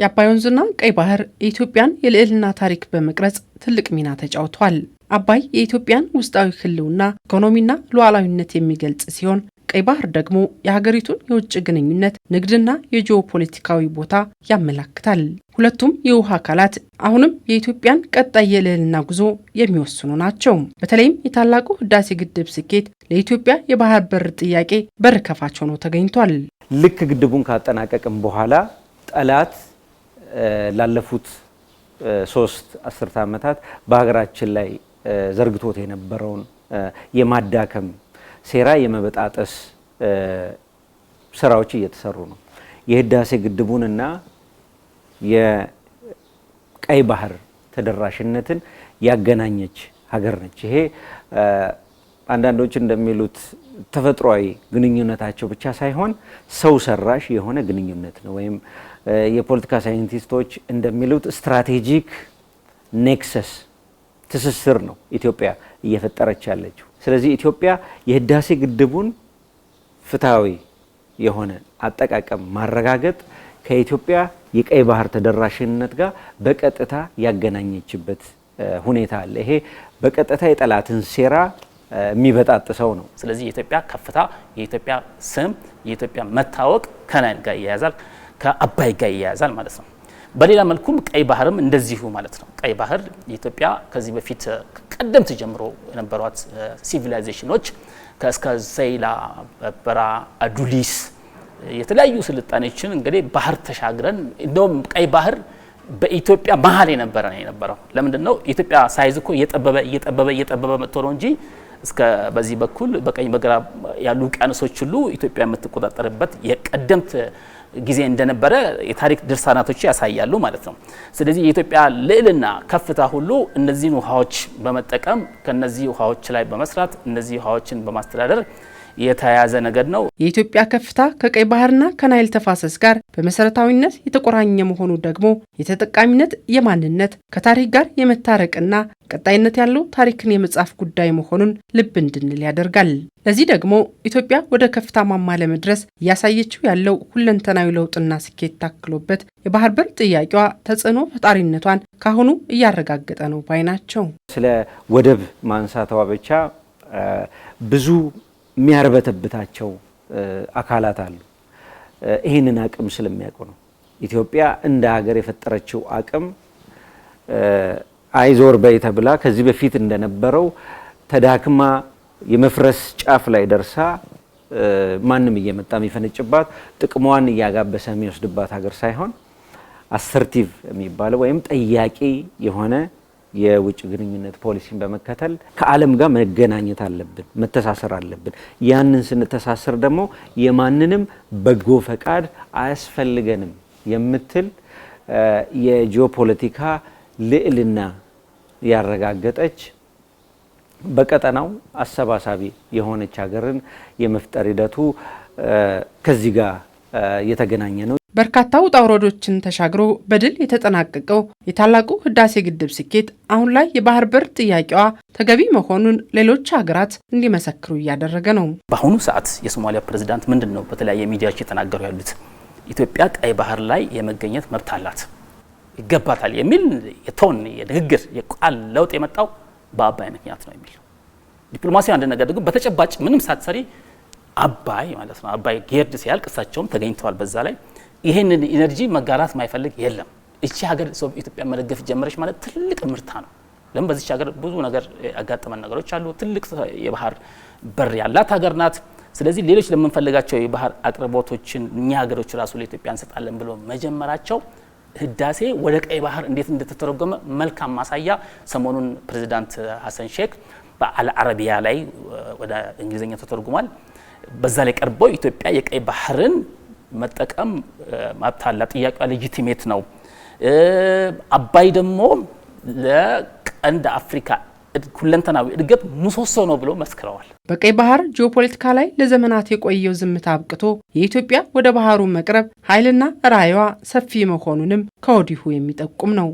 የአባይ ወንዝና ቀይ ባህር የኢትዮጵያን የልዕልና ታሪክ በመቅረጽ ትልቅ ሚና ተጫውቷል። አባይ የኢትዮጵያን ውስጣዊ ህልውና ኢኮኖሚና ሉዓላዊነት የሚገልጽ ሲሆን ቀይ ባህር ደግሞ የሀገሪቱን የውጭ ግንኙነት፣ ንግድና የጂኦፖለቲካዊ ቦታ ያመላክታል። ሁለቱም የውሃ አካላት አሁንም የኢትዮጵያን ቀጣይ የልዕልና ጉዞ የሚወስኑ ናቸው። በተለይም የታላቁ ህዳሴ ግድብ ስኬት ለኢትዮጵያ የባህር በር ጥያቄ በር ከፋች ሆኖ ተገኝቷል። ልክ ግድቡን ካጠናቀቅም በኋላ ጠላት ላለፉት ሶስት አስርተ ዓመታት በሀገራችን ላይ ዘርግቶት የነበረውን የማዳከም ሴራ የመበጣጠስ ስራዎች እየተሰሩ ነው። የህዳሴ ግድቡንና የቀይ ባህር ተደራሽነትን ያገናኘች ሀገር ነች። ይሄ አንዳንዶች እንደሚሉት ተፈጥሯዊ ግንኙነታቸው ብቻ ሳይሆን ሰው ሰራሽ የሆነ ግንኙነት ነው ወይም የፖለቲካ ሳይንቲስቶች እንደሚሉት ስትራቴጂክ ኔክሰስ ትስስር ነው ኢትዮጵያ እየፈጠረች ያለችው። ስለዚህ ኢትዮጵያ የህዳሴ ግድቡን ፍትሐዊ የሆነ አጠቃቀም ማረጋገጥ ከኢትዮጵያ የቀይ ባህር ተደራሽነት ጋር በቀጥታ ያገናኘችበት ሁኔታ አለ። ይሄ በቀጥታ የጠላትን ሴራ የሚበጣጥሰው ነው። ስለዚህ የኢትዮጵያ ከፍታ፣ የኢትዮጵያ ስም፣ የኢትዮጵያ መታወቅ ከናይል ጋር ይያያዛል። ከአባይ ጋር ይያያዛል ማለት ነው። በሌላ መልኩም ቀይ ባህርም እንደዚሁ ማለት ነው። ቀይ ባህር የኢትዮጵያ ከዚህ በፊት ቀደምት ጀምሮ የነበሯት ሲቪላይዜሽኖች ከእስከ ሰይላ፣ በራ፣ አዱሊስ የተለያዩ ስልጣኔዎችን እንግዲህ ባህር ተሻግረን እንደውም ቀይ ባህር በኢትዮጵያ መሀል የነበረ ነው የነበረው። ለምንድን ነው ኢትዮጵያ ሳይዝ እኮ እየጠበበ እየጠበበ እየጠበበ መጥቶ ነው እንጂ እስከ በዚህ በኩል በቀኝ በግራ ያሉ ውቅያኖሶች ሁሉ ኢትዮጵያ የምትቆጣጠርበት የቀደምት ጊዜ እንደነበረ የታሪክ ድርሳናቶች ያሳያሉ ማለት ነው። ስለዚህ የኢትዮጵያ ልዕልና ከፍታ ሁሉ እነዚህን ውሃዎች በመጠቀም ከነዚህ ውሃዎች ላይ በመስራት እነዚህ ውሃዎችን በማስተዳደር የተያያዘ ነገድ ነው። የኢትዮጵያ ከፍታ ከቀይ ባህርና ከናይል ተፋሰስ ጋር በመሰረታዊነት የተቆራኘ መሆኑ ደግሞ የተጠቃሚነት የማንነት ከታሪክ ጋር የመታረቅና ቀጣይነት ያለው ታሪክን የመጻፍ ጉዳይ መሆኑን ልብ እንድንል ያደርጋል። ለዚህ ደግሞ ኢትዮጵያ ወደ ከፍታ ማማ ለመድረስ እያሳየችው ያለው ሁለንተናዊ ለውጥና ስኬት ታክሎበት የባህር በር ጥያቄዋ ተጽዕኖ ፈጣሪነቷን ካሁኑ እያረጋገጠ ነው ባይ ናቸው። ስለ ወደብ ማንሳተዋ ብቻ ብዙ የሚያርበተብታቸው አካላት አሉ። ይህንን አቅም ስለሚያውቁ ነው። ኢትዮጵያ እንደ ሀገር የፈጠረችው አቅም አይዞር በይ ተብላ ከዚህ በፊት እንደነበረው ተዳክማ የመፍረስ ጫፍ ላይ ደርሳ ማንም እየመጣ የሚፈነጭባት ጥቅሟን እያጋበሰ የሚወስድባት ሀገር ሳይሆን አሰርቲቭ የሚባለው ወይም ጠያቂ የሆነ የውጭ ግንኙነት ፖሊሲን በመከተል ከዓለም ጋር መገናኘት አለብን፣ መተሳሰር አለብን። ያንን ስንተሳሰር ደግሞ የማንንም በጎ ፈቃድ አያስፈልገንም የምትል የጂኦፖለቲካ ልዕልና ያረጋገጠች በቀጠናው አሰባሳቢ የሆነች ሀገርን የመፍጠር ሂደቱ ከዚህ ጋር የተገናኘ ነው። በርካታ ውጣ ውረዶችን ተሻግሮ በድል የተጠናቀቀው የታላቁ ህዳሴ ግድብ ስኬት አሁን ላይ የባህር በር ጥያቄዋ ተገቢ መሆኑን ሌሎች ሀገራት እንዲመሰክሩ እያደረገ ነው። በአሁኑ ሰዓት የሶማሊያ ፕሬዚዳንት ምንድን ነው በተለያየ ሚዲያዎች እየተናገሩ ያሉት ኢትዮጵያ ቀይ ባህር ላይ የመገኘት መብት አላት፣ ይገባታል የሚል የቶን የንግግር የቃል ለውጥ የመጣው በአባይ ምክንያት ነው የሚል ዲፕሎማሲ አንድ ነገር ደግሞ በተጨባጭ ምንም ሳትሰሪ አባይ ማለት ነው። አባይ ጌርድ ሲያልቅ እሳቸውም ተገኝተዋል በዛ ላይ። ይህንን ኢነርጂ መጋራት ማይፈልግ የለም። እቺ ሀገር ኢትዮጵያ መደገፍ ጀመረች ማለት ትልቅ ምርታ ነው። ለምን በዚች ሀገር ብዙ ነገር ያጋጠመን ነገሮች አሉ። ትልቅ የባህር በር ያላት ሀገር ናት። ስለዚህ ሌሎች ለምንፈልጋቸው የባህር አቅርቦቶችን እኛ ሀገሮች ራሱ ለኢትዮጵያ እንሰጣለን ብሎ መጀመራቸው ህዳሴ ወደ ቀይ ባህር እንዴት እንደተተረጎመ መልካም ማሳያ ሰሞኑን ፕሬዚዳንት ሀሰን ሼክ በአልአረቢያ ላይ ወደ እንግሊዝኛ ተተርጉሟል። በዛ ላይ ቀርበው ኢትዮጵያ የቀይ ባህርን መጠቀም መብት አላት፣ ጥያቄዋ ሌጂቲሜት ነው። አባይ ደግሞ ለቀንድ አፍሪካ ሁለንተናዊ እድገት ምሰሶ ነው ብሎ መስክረዋል። በቀይ ባህር ጂኦፖለቲካ ላይ ለዘመናት የቆየው ዝምታ አብቅቶ የኢትዮጵያ ወደ ባህሩ መቅረብ ኃይልና ራዕይዋ ሰፊ መሆኑንም ከወዲሁ የሚጠቁም ነው።